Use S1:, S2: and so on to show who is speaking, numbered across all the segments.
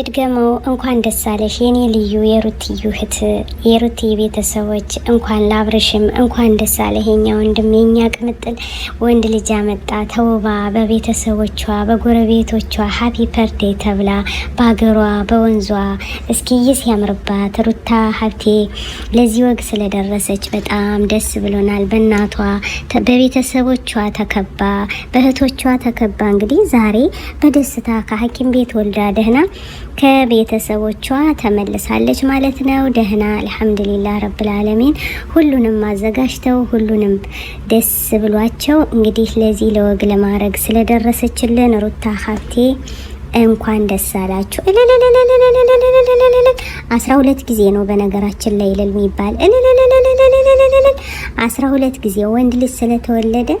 S1: ልድገመው። እንኳን ደስ አለሽ የኔ ልዩ የሩትዩ እህት፣ የሩት ቤተሰቦች እንኳን ላብርሽም እንኳን ደስ አለ የኛ ወንድም፣ የኛ ቅምጥል ወንድ ልጅ አመጣ ተውባ፣ በቤተሰቦቿ በጎረቤቶቿ ሀፒ ፐርቴ ተብላ በሀገሯ በወንዟ እስኪይስ ያምርባት ሩታ ሀብቴ። ለዚህ ወግ ስለደረሰች በጣም ደስ ብሎናል። በእናቷ በቤተሰቦቿ ተከባ በእህቶቿ ተከባ እንግዲህ ዛሬ በደስታ ከሐኪም ቤት ወልዳ ደህና ከቤተሰቦቿ ተመልሳለች ማለት ነው። ደህና አልሐምዱሊላ ረብልአለሚን ሁሉንም አዘጋጅተው ሁሉንም ደስ ብሏቸው እንግዲህ ለዚህ ለወግ ለማድረግ ስለደረሰችልን ሩታ ሀብቴ እንኳን ደስ አላችሁ። አስራ ሁለት ጊዜ ነው በነገራችን ላይ እልል የሚባል አስራ ሁለት ጊዜ ወንድ ልጅ ስለተወለደ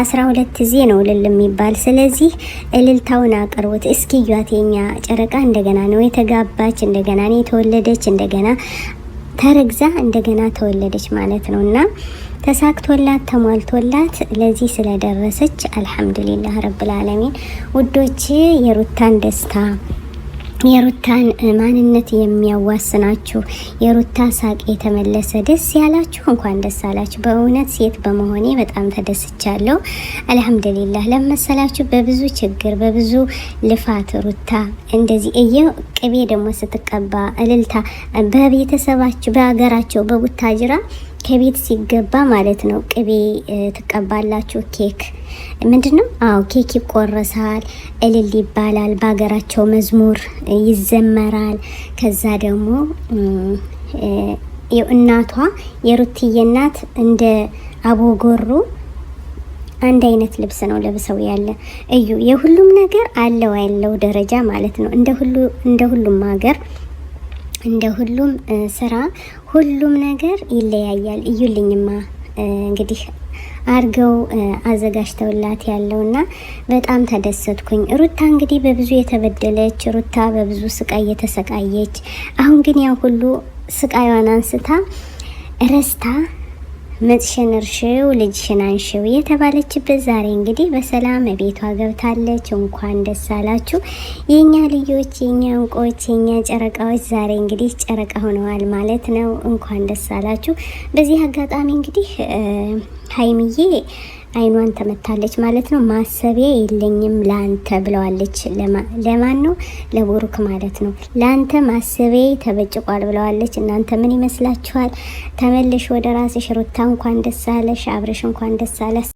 S1: አስራ ሁለት ጊዜ ነው እልል የሚባል። ስለዚህ እልልታውን አቅርቡት እስኪ ዩት የኛ ጨረቃ እንደገና ነው የተጋባች፣ እንደገና ነው የተወለደች፣ እንደገና ተረግዛ እንደገና ተወለደች ማለት ነው እና ተሳክቶላት ተሟልቶላት ለዚህ ስለደረሰች አልሐምዱሊላህ ረብልዓለሚን ውዶች የሩታን ደስታ የሩታን ማንነት የሚያዋስናችሁ የሩታ ሳቅ የተመለሰ ደስ ያላችሁ እንኳን ደስ አላችሁ። በእውነት ሴት በመሆኔ በጣም ተደስቻለሁ። አልሐምዱሊላህ ለመሰላችሁ በብዙ ችግር በብዙ ልፋት ሩታ እንደዚህ እየ ቅቤ ደግሞ ስትቀባ እልልታ በቤተሰባቸው በሀገራቸው በቡታጅራ ከቤት ሲገባ ማለት ነው። ቅቤ ትቀባላችሁ። ኬክ ምንድን ነው? አዎ ኬክ ይቆረሳል፣ እልል ይባላል። በሀገራቸው መዝሙር ይዘመራል። ከዛ ደግሞ እናቷ የሩትዬ እናት እንደ አቦጎሩ አንድ አይነት ልብስ ነው ለብሰው ያለ እዩ። የሁሉም ነገር አለው ያለው ደረጃ ማለት ነው። እንደ ሁሉ እንደ ሁሉም ሀገር እንደ ሁሉም ስራ ሁሉም ነገር ይለያያል። እዩልኝማ እንግዲህ አርገው አዘጋጅተውላት ያለውና በጣም ተደሰትኩኝ። ሩታ እንግዲህ በብዙ የተበደለች ሩታ በብዙ ስቃይ የተሰቃየች፣ አሁን ግን ያ ሁሉ ስቃይዋን አንስታ ረስታ ምጥሽን እርሽው ልጅሽን አንሽው የተባለችበት ዛሬ እንግዲህ በሰላም ቤቷ ገብታለች። እንኳን ደስ አላችሁ የእኛ ልጆች፣ የእኛ እንቆች፣ የእኛ ጨረቃዎች ዛሬ እንግዲህ ጨረቃ ሆነዋል ማለት ነው። እንኳን ደስ አላችሁ። በዚህ አጋጣሚ እንግዲህ ሀይምዬ አይኗን ተመታለች ማለት ነው። ማሰቢያ የለኝም ለአንተ ብለዋለች። ለማን ነው? ለቡሩክ ማለት ነው። ለአንተ ማሰቢያ ተበጭቋል ብለዋለች። እናንተ ምን ይመስላችኋል? ተመልሽ ወደ ራስሽ ሩታ፣ እንኳን ደስ አለሽ። አብረሽ እንኳን ደስ አለ